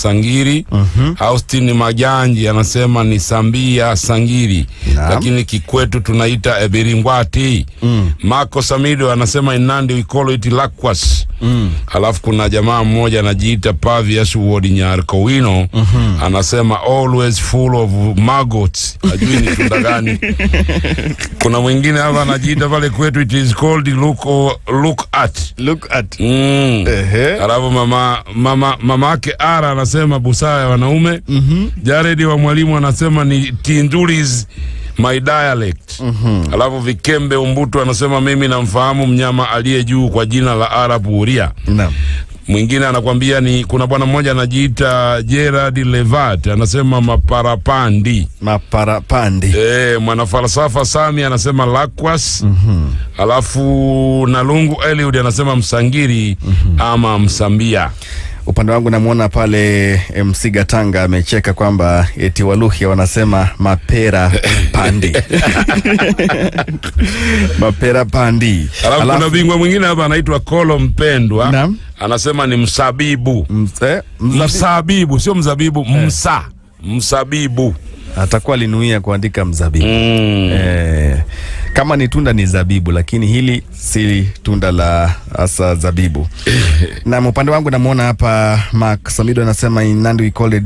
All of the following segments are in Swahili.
Sangiri. mm -hmm. Austin Majanji anasema ni Sambia Sangiri Naam. lakini kikwetu tunaita Ebiringwati. mm. Marco Samido anasema inandi ikolo iti lakwas. mm. Alafu kuna jamaa mmoja anajiita Pavias Wodi Nyarkowino. mm -hmm. Anasema always full of maggots, ajui ni tunda gani. Kuna mwingine hapa anajiita pale kwetu it is called look, o, look at, look at. Mm. Alafu mama mama mama yake ara anasema busara ya wanaume mm -hmm. Jared wa mwalimu anasema ni Tinduri's my dialect mm -hmm. Alafu Vikembe Umbutu anasema mimi namfahamu mnyama aliye juu kwa jina la Arab huria no. Mwingine anakwambia ni kuna bwana mmoja anajiita Gerard Levat anasema maparapandi, maparapandi. E, mwanafalsafa Sami anasema lakwas mm -hmm. Alafu Nalungu Eliud anasema msangiri mm -hmm. ama msambia Upande wangu namwona pale eh, Msiga Tanga amecheka kwamba eti Waluhya wanasema mapera pandi mapera pandi. Alafu kuna bingwa mwingine hapa anaitwa Kolo Mpendwa, anasema ni msabibu. Mse, msabibu, msabibu sio mzabibu, eh. msa Mzabibu atakuwa alinuia kuandika mzabibu mm. E, kama ni tunda ni zabibu, lakini hili si tunda la hasa zabibu. na upande wangu namwona hapa Mark Samido anasema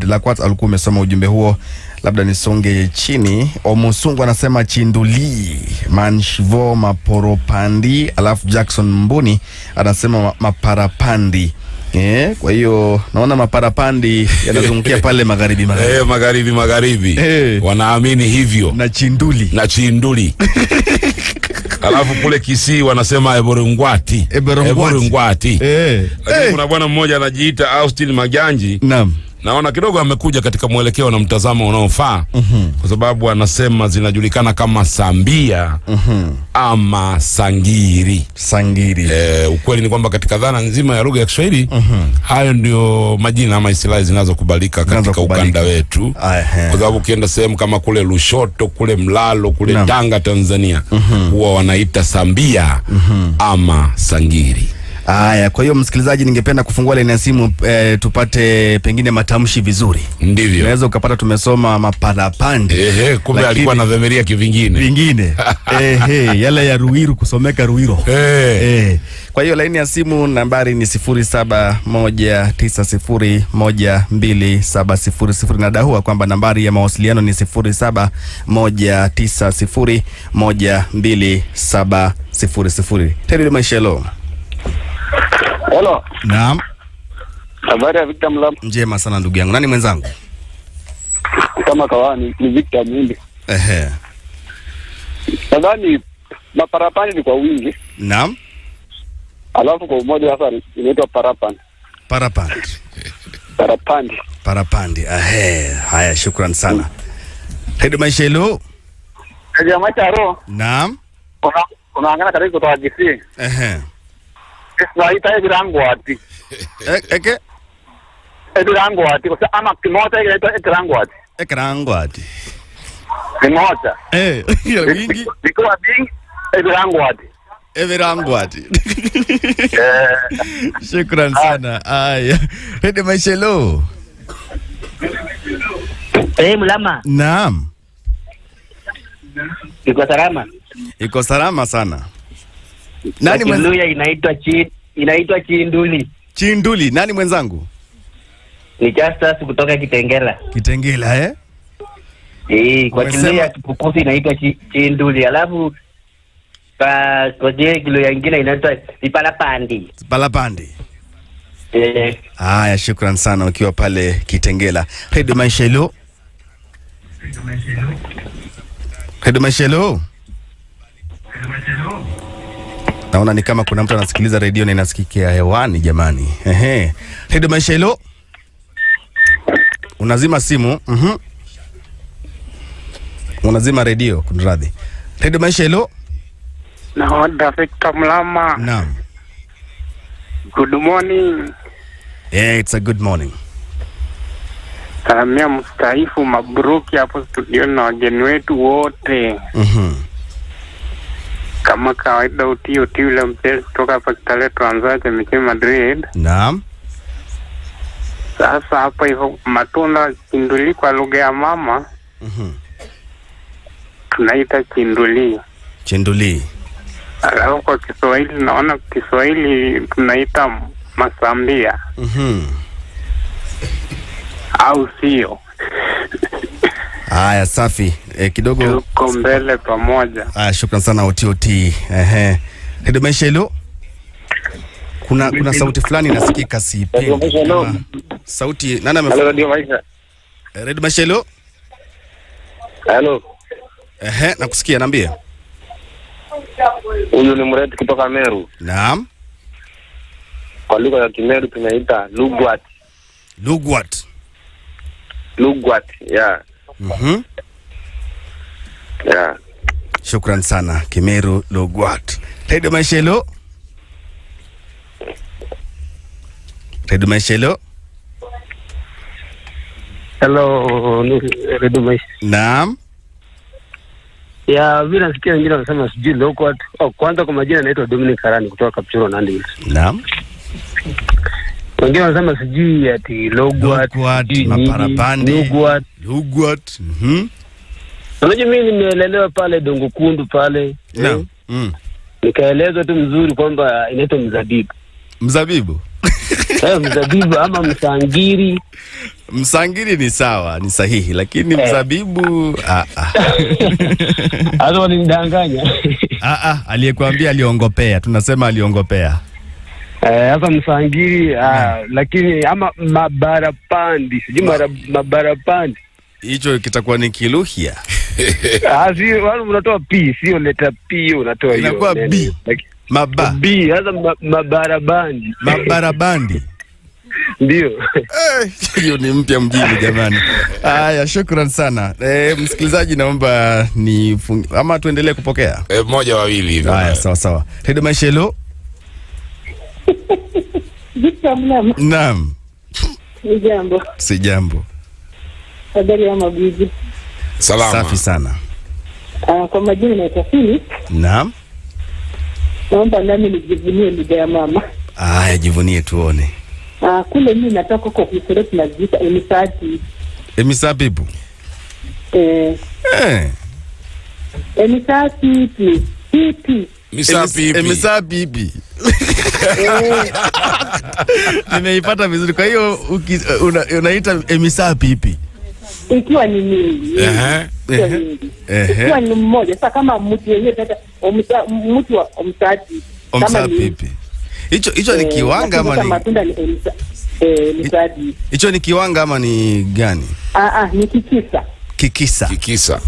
la kwanza alikuwa umesoma ujumbe huo, labda nisonge chini. Omusungu anasema chinduli manshvo maporopandi, alafu Jackson Mbuni anasema maparapandi Yeah, kwa hiyo naona maparapandi yanazungukia pale magharibi magharibi. Eh, magharibi magharibi. Hey. Eh. Wanaamini hivyo. Na chinduli. Na chinduli. Alafu kule Kisii wanasema eborongwati. Eborongwati. Eh. Hey. Eh. Kuna bwana mmoja anajiita Austin Maganji. Naam naona kidogo amekuja katika mwelekeo na mtazamo unaofaa mm -hmm. kwa sababu anasema zinajulikana kama sambia mm -hmm. ama sangiri sangiri. E, ukweli ni kwamba katika dhana nzima ya lugha ya Kiswahili mm -hmm. hayo ndio majina ama istilahi zinazokubalika katika ukanda wetu, kwa sababu ukienda sehemu kama kule Lushoto kule Mlalo kule Tanga Tanzania mm huwa -hmm. wanaita sambia mm -hmm. ama sangiri. Haya, kwa hiyo msikilizaji, ningependa kufungua laini ya simu e, tupate pengine matamshi vizuri. Ndivyo. Unaweza ukapata tumesoma maparapande. Ehe, kumbe lakini, alikuwa na dhamiria kivingine. Vingine. Ehe, yale ya Ruiru kusomeka Ruiro. Ehe. Kwa hiyo laini ya simu nambari ni 0719012700 na dahua kwamba nambari ya mawasiliano ni 0719012700. Teddy Maishelo. Hello. Naam. Habari ya Victor Mlam. Njema sana ndugu yangu. Nani mwenzangu? Kama kawani ni Victor Mwindi. Ehe. Nadhani maparapani ni kwa wingi. Naam. Alafu kwa umoja hasa inaitwa parapani. Parapani. Parapandi. Parapandi. Ehe. Haya, shukrani sana. Hedi maisha hilo. Hedi maisha hilo. Naam. Kuna kuna angana karibu katika kutoa Ehe. Kiswahili ekirangwati eke e ekirangwati kusa ama kimoja kinaitwa ekirangwati ekirangwati kimoja eh ya wingi vikuwa vingi ekirangwati everangwati e. shukran ah. sana haya hede maishelo eh mulama naam iko salama iko salama sana nani Mluya inaitwa chi inaitwa Chinduli. Chinduli, nani mwenzangu? Ni Justus kutoka Kitengela. Kitengela eh? Ii, eh, kwa Kiluya Kipukusi inaitwa chi, Chinduli. Alafu pa kwa je Kiluya ingine inaitwa Ipalapandi. Ipalapandi. Eh. Haya, shukran sana ukiwa pale Kitengela. Radio Maisha Hello. Radio Maisha Hello. Radio Maisha Hello. Naona ni kama kuna mtu anasikiliza redio na inasikikia hewani jamani. Ehe. Redio Maisha hilo. Unazima simu. Mhm. Mm Unazima redio, kunradhi. Redio Maisha hilo. Naona Victor Mlama. Naam. Good morning. Yeah, it's a good morning. Salamia mstaafu, mabruki hapo studio na wageni wetu wote. Mhm. Mm kama kawaida, utii utii ule mchezo kutoka Kitale Tranza Chemichi Madrid. Naam. Sasa hapa hivyo matunda kinduli kwa lugha ya mama mm -hmm. tunaita kinduli kinduli, alafu kwa Kiswahili naona Kiswahili tunaita masambia mm -hmm. au sio? Haya, safi eh, kidogo uko mbele pamoja. Ah, shukran sana OTOT. Ehe, nidomesha hilo. Kuna kuna sauti fulani nasikika, si ah, sauti nani ame Radio Maisha, eh, Radio Maisha hello. Hello. Ehe, nakusikia, naambia. Huyu ni mredi kutoka Meru. Naam. Kwa lugha ya Kimeru tunaita Lugwat. Lugwat. Lugwat, yeah. Mhm. Mm Yeah. Shukran sana Kimeru Logwat. Redio maisha hilo Redio maisha hilo Hello, Redio Maisha. Naam. Ya vi nasikia wengine wanasema sijui Logwat. Oh, kwanza kwa majina anaitwa Dominic Karani kutoka Kapchuro Nandi Naam. Wengine wanasema sijui ati Logwat, Logwat, maparapande. lugwat Logwat. Mhm. Mm Unajua, mimi nimeelelewa pale Dongokundu pale no. mm. nikaelezwa tu mzuri kwamba inaitwa mzabibu mzabibu eh, mzabibu ama msangiri. Msangiri ni sawa, ni sahihi, lakini eh. mzabibu ah, ah. hata walinidanganya. Ah, aliyekuambia aliongopea, tunasema aliongopea hasa eh, msangiri ah, mm. lakini ama mabarapandi sijui mabarapandi hicho kitakuwa ni Kiluhya. Ah, unatoa p sio leta p, unatoa inakuwa b maba b. mabarabandi, mabarabandi ndio eh, hiyo ni mpya mjini jamani. Haya, shukran sana e, msikilizaji, naomba ni fung... ama tuendelee kupokea e, moja wawili Haya, sawa sawa. Hedi Maisha, hello. Naam, si jambo, si jambo. Habari ya Salama. Safi sana. Uh, kwa majina naitwa Philip. Naam. Naomba nami nijivunie lugha ya mama. Haya, jivunie tuone. Uh, kule mimi natoka kwa Kisoro tunajiita Emisati. Emisabibu. Eh. Eh. Emisati pipi. Emisabibi. Emisabibi. Eh. Nimeipata vizuri. Kwa hiyo unaita Emisabibi ikiwa ni mimi ikiwa ni mmoja sasa, kama mtu yenyewe sasa mtu wa omsati kama pipi hicho hicho ni eh, kiwanga ama ni matunda ni msadi eh, hicho ni kiwanga ama ni gani? Ah ah, ni kikisa kikisa kikisa.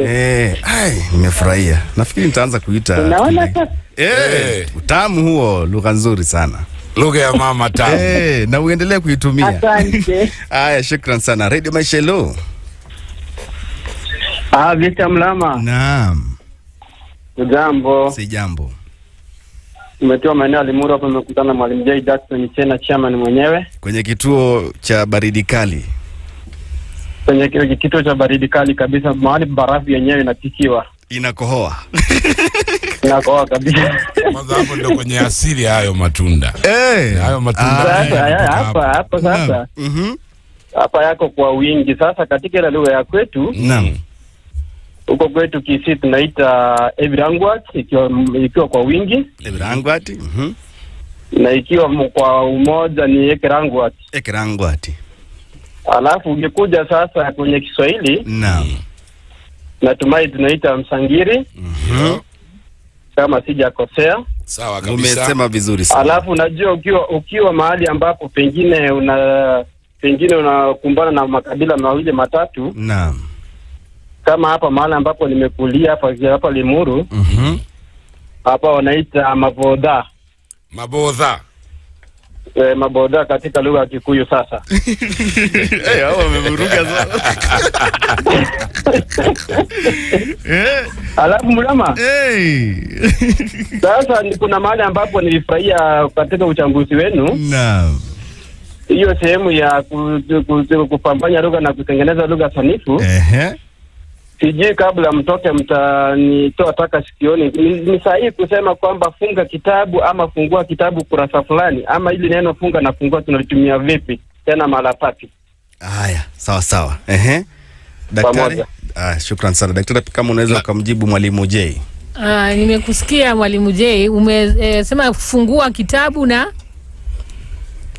Eh, ai, nimefurahia. Nafikiri nitaanza kuita. Unaona sasa? Eh, eh, utamu huo, lugha nzuri sana lugha ya mama tamu. Hey, eh, na uendelee kuitumia. Asante. Haya, shukran sana. Radio Maisha Hello. Ah, Victor Mlama. Naam. Jambo. Si jambo. Tumetoa maeneo ya Limuru hapa, nimekutana na Mwalimu J Jackson Chena chairman mwenyewe kwenye kituo cha baridi kali, kwenye kituo cha baridi kali kabisa, mahali barafu yenyewe inapikiwa inakohoa Kwanza hapo kwenye asili hayo matunda eh. hayo matunda ah. hapa sasa mhm. hapa yako kwa wingi. Sasa katika ile lugha ya kwetu, naam, huko kwetu kisi tunaita ikiwa ikiwa kwa wingi mhm. na ikiwa kwa umoja ni ekerangwat, ekerangwat. Alafu ukikuja sasa kwenye Kiswahili, naam natumai zinaita msangiri mm -hmm. kama sijakosea. Sawa kabisa, umesema vizuri sana. Alafu unajua ukiwa ukiwa mahali ambapo pengine una pengine unakumbana na makabila mawili matatu, naam, kama hapa mahali ambapo nimekulia hapa hapa Limuru, mm -hmm. hapa wanaita mabodha mabodha eh, maboda katika lugha ya Kikuyu. Sasa eh, hao wamevuruga sana. Eh. Alafu mrama sasa, kuna mahali ambapo nilifurahia katika uchambuzi wenu, naam hiyo sehemu ya kupambanya lugha na kutengeneza lugha sanifu. Ehe sijui kabla mtoke mtanitoa taka sikioni. Ni, ni sahihi kusema kwamba funga kitabu ama fungua kitabu kurasa fulani, ama hili neno funga na fungua tunalitumia vipi tena mara papi? Haya, sawa sawa, ehe. Daktari, ah, shukran sana daktari. Kama unaweza ukamjibu mwalimu J. Ah, nimekusikia mwalimu J, umesema eh, e, fungua kitabu na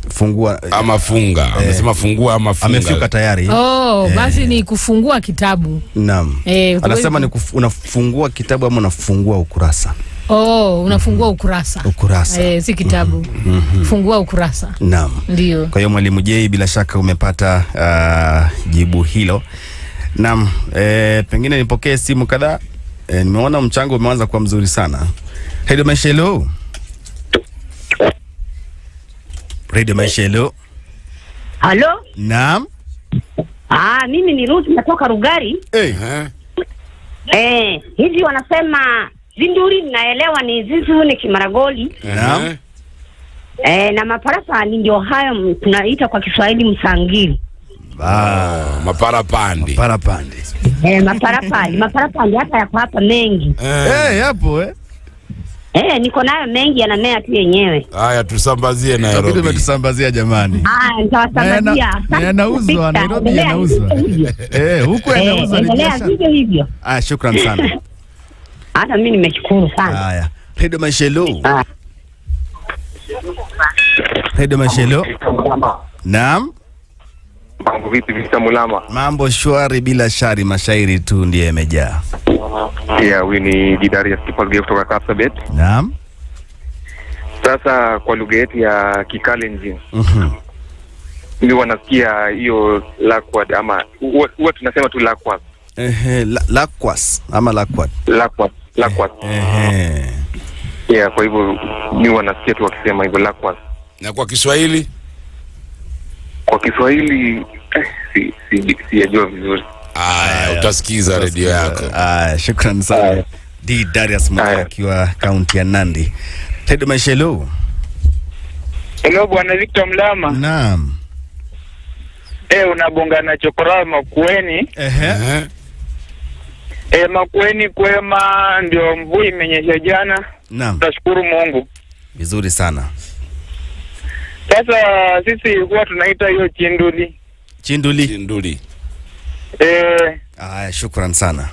fungua ama funga eh, amesema fungua ama funga. Amefika tayari. Oh, eh, basi ni kufungua kitabu. Naam. Eh, anasema ni unafungua kitabu ama unafungua ukurasa. Oh, unafungua ukurasa. Ukurasa. Eh, si kitabu. Mm -hmm. Fungua ukurasa. Naam. Ndio. Kwa hiyo mwalimu J, bila shaka umepata uh, jibu hilo. Naam, eh, pengine nipokee simu kadhaa. Eh, nimeona mchango umeanza kuwa mzuri sana. Hello, Meshelo. Radio Maisha. Hello. Naam. Ah, mimi ni Ruth natoka Rugari. Eh. Hey. Eh, hivi wanasema zinduri ninaelewa ni zizu ni Kimaragoli. Naam. Eh, na maparapani ndio hayo tunaita kwa Kiswahili msangili. Ah, maparapandi. Maparapandi. Eh, maparapandi. Maparapandi hata yako hapa mengi. Eh, hey, yapo eh. Eh, niko nayo mengi yanamea tu yenyewe. Haya tusambazie Nairobi. Ndio umetusambazia jamani. Haya ah, nitawasambazia. Na yanauzwa Nairobi yanauzwa. Eh, huko eh, yanauzwa ni biashara. Endelea hivyo. hivyo. Ah, shukrani sana. Hata mimi nimeshukuru sana. Haya. Pedro Mashelo. Pedro ah. Mashelo. Naam. Mambo vipi Victor Mulama? Mambo shwari bila shari, mashairi tu ndiye yamejaa. Yeah, huyu ni Jidari Asipalge kutoka Kapsabet. Naam. Sasa kwa lugha yetu ya Kikalenjin. Mhm. Ni wanasikia hiyo lakwad ama huwa tunasema tu lakwas. Ehe, lakwas ama lakwad. Lakwas, lakwas. Ehe. Yeah, kwa hivyo ni wanasikia tu wakisema hivyo lakwas. Na kwa Kiswahili? kwa Kiswahili eh, sijajua vizuri. Aya, utasikiza redio yako. Aya, shukran sana D Darius Maka akiwa kaunti ya Nandi. Tedo Mashelo. Hello bwana Victor Mlama. Naam. Eh, unabonga na chokora Makueni. Ehe. Uh -huh. E, Makueni kwema, ndio mvua imenyesha jana. Naam. Tashukuru Mungu. Vizuri sana. Sasa sisi huwa tunaita hiyo chinduli. Chinduli. Chinduli. Eh. Aya, shukran sana.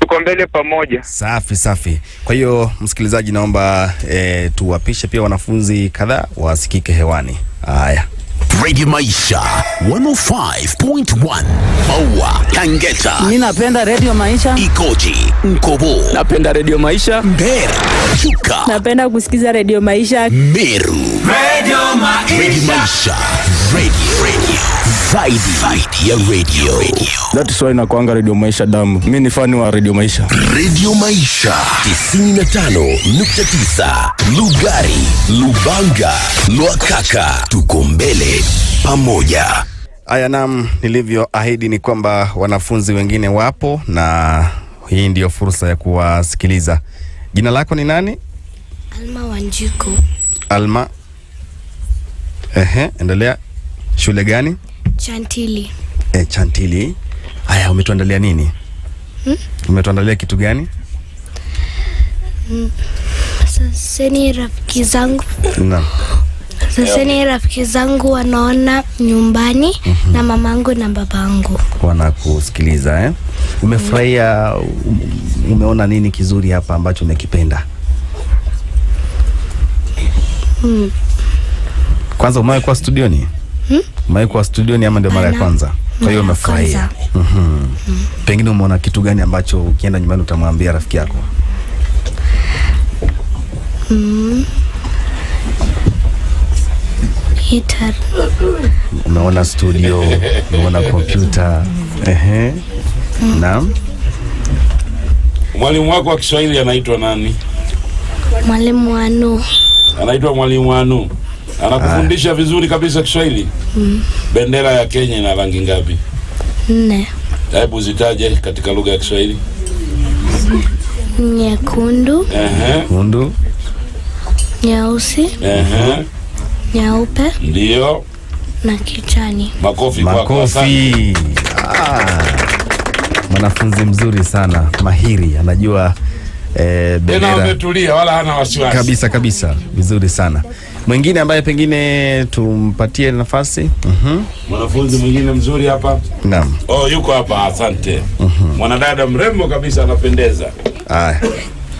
Tuko mbele pamoja. Safi safi. Kwa hiyo msikilizaji, naomba e, tuwapishe pia wanafunzi kadhaa wasikike hewani. Haya. Radio Maisha 105.1 Maua, Kangeta. Mimi napenda Radio Maisha. Ikoji, Mkobo. Napenda Radio Maisha. Mbere Chuka. Napenda kusikiza Radio Maisha. Meru. Meru. Radio Maisha. Radio Maisha. Radio, radio. ya radio. radio. That is why Radio Maisha damu. Mimi ni fani wa Radio Maisha. Radio Maisha 95.9 Lugari, Lubanga, Lwakaka. Tuko mbele pamoja. Aya, nam nilivyoahidi ni kwamba wanafunzi wengine wapo na hii ndiyo fursa ya kuwasikiliza. Jina lako ni nani? Alma Wanjiku. Alma Ehe, endelea. Shule gani? Chantili. Eh, Chantili. Haya, umetuandalia nini? Hmm? Umetuandalia kitu gani? Hmm. rafiki zangu. Naam. Saseni rafiki zangu wanaona nyumbani mm -hmm. na mamangu na babangu wanakusikiliza eh? Umefurahia? Umeona nini kizuri hapa ambacho umekipenda? mm. Kwanza umewahi kuwa studioni? Hmm? Umewahi kuwa studioni ama ndio mara ya kwanza? Kwa hiyo umefurahia. Mhm. Mm hmm. Pengine umeona kitu gani ambacho ukienda nyumbani utamwambia rafiki yako? Mm. Umeona studio, umeona kompyuta. Ehe. Mm. Naam. Mwalimu wako wa Kiswahili anaitwa nani? Mwalimu wanu Anaitwa Mwalimu wanu anakufundisha vizuri kabisa Kiswahili. mm. Bendera ya Kenya ina rangi ngapi? Nne. Hebu zitaje katika lugha ya Kiswahili. Nyekundu, nyekundu, nyeusi, nyeupe, ndio na kijani. Makofi, makofi. Ah, mwanafunzi mzuri sana, mahiri, anajua eh, bendera. Ametulia wala hana wasiwasi kabisa kabisa, vizuri sana. Mwingine ambaye pengine tumpatie nafasi mhm. mwanafunzi mwingine mzuri hapa naam. Oh, yuko hapa, asante mhm. mwanadada mrembo kabisa, anapendeza. Haya,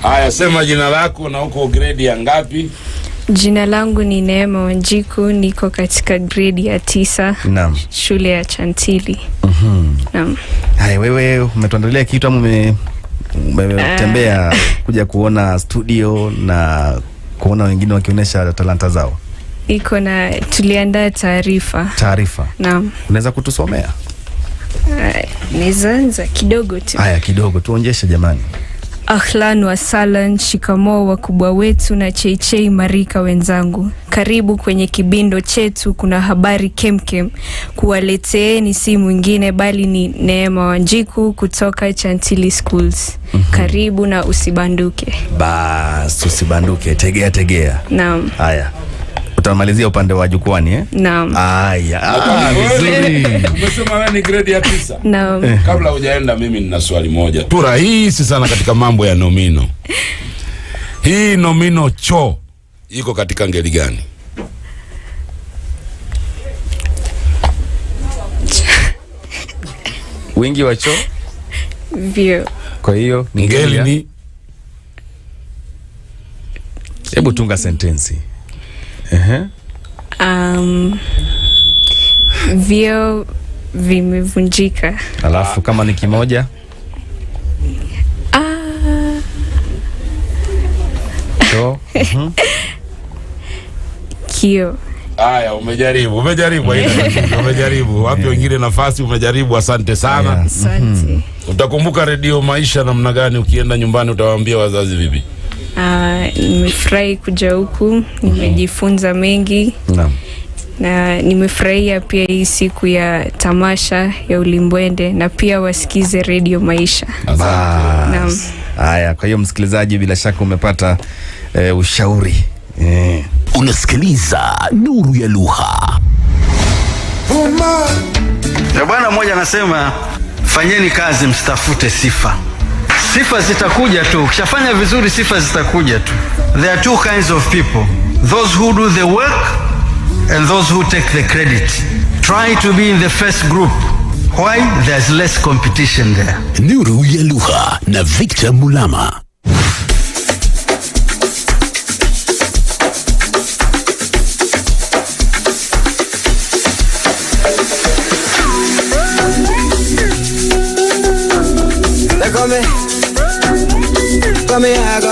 haya, sema jina lako na uko gredi ya ngapi? Jina langu ni Neema Wanjiku, niko katika gredi ya tisa naam. shule ya Chantili mm -hmm. naam. wewe umetuandalia kitu ama ah. umetembea kuja kuona studio na kuona wengine wakionyesha talanta zao? Iko na tuliandaa taarifa. Taarifa. Naam. Unaweza kutusomea? Eh, Nizanza kidogo tu. Haya, kidogo tuonjeshe jamani. Ahlan wa salan, shikamoo wakubwa wetu na cheichei marika wenzangu, karibu kwenye kibindo chetu. Kuna habari kemkem kuwaleteeni, si mwingine bali ni Neema Wanjiku kutoka Chantili Schools. mm -hmm. Karibu na usibanduke, bas usibanduke, tegea tegea. Naam, haya utamalizia upande wa jukwani eh? Naam. Aya, ah, ah vizuri. Umesema wewe ni grade ya 9. Naam. Eh. Kabla hujaenda mimi nina swali moja tu rahisi sana katika mambo ya nomino. Hii nomino cho iko katika ngeli gani? Wingi wa cho? Vio. Kwa hiyo ngeli ni Hebu tunga sentensi uh-huh. Um, vio vimevunjika. Alafu kama ni kimoja so, Kio. Haya, umejaribu, umejaribu, umejaribu. Wapi wengine nafasi, umejaribu. Asante sana. Asante. Mhm. Utakumbuka Redio Maisha namna gani? Ukienda nyumbani utawaambia wazazi vipi? Ah, nimefurahi kuja huku, nimejifunza mengi na, na nimefurahia pia hii siku ya tamasha ya Ulimbwende na pia wasikize redio Maisha. Haya, kwa hiyo msikilizaji, bila shaka umepata e, ushauri e. Unasikiliza Nuru ya Lugha. Bwana mmoja anasema, fanyeni kazi msitafute sifa sifa zitakuja tu. Ukishafanya vizuri, sifa zitakuja tu. There are two kinds of people, those who do the work and those who take the credit. Try to be in the first group. Why? There's less competition there. Nuru ya Luha na Victor Mulama. Come here,